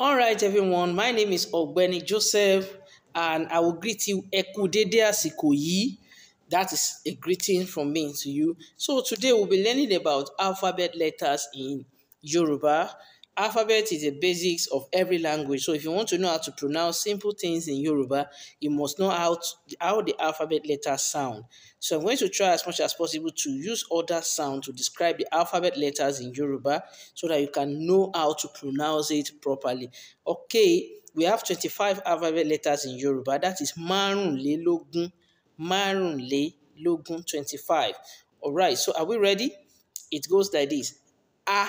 All right, everyone. My name is Ogbeni Joseph, and I will greet you Eku Dede Asiko That is a greeting from me to you. So today we'll be learning about alphabet letters in Yoruba. Alphabet is the basics of every language. So if you want to know how to pronounce simple things in Yoruba, you must know how, to, how the alphabet letters sound. So I'm going to try as much as possible to use other sound to describe the alphabet letters in Yoruba so that you can know how to pronounce it properly. Okay, we have 25 alphabet letters in Yoruba. That Le logun 25. All right, so are we ready? It goes like this. A.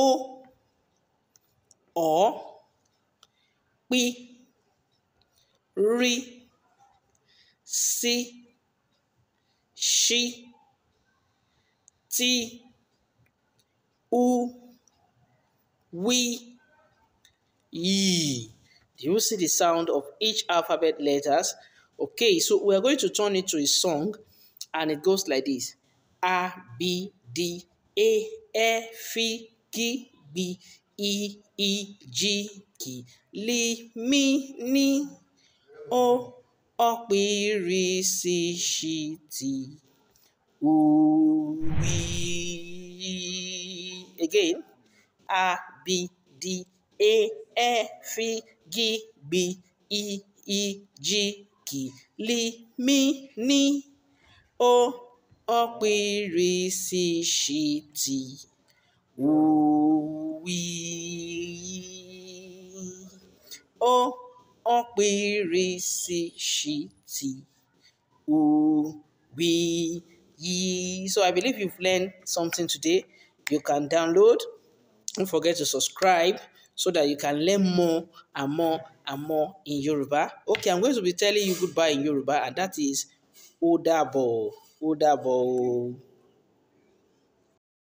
ó ọ̀ pi rí sí ṣí tí u wí yìí. Do you see the sound of each alphabet letters? Okay, so we are going to turn it to a song and it goes like this. A, B, D, A, E, F, e, ki gbi i i ji ki li mi ni o O uwi. Again, a b d e e f gi gbi i i ji ki li mi ni o okpirisishiti òwì o okpirisishiti òwì So I believe you've learned something today. You can download. Don't forget to subscribe so that you can learn more and more and more in Yoruba. Okay, I'm going to be telling you goodbye in Yoruba, and that is Odabo. Odabo.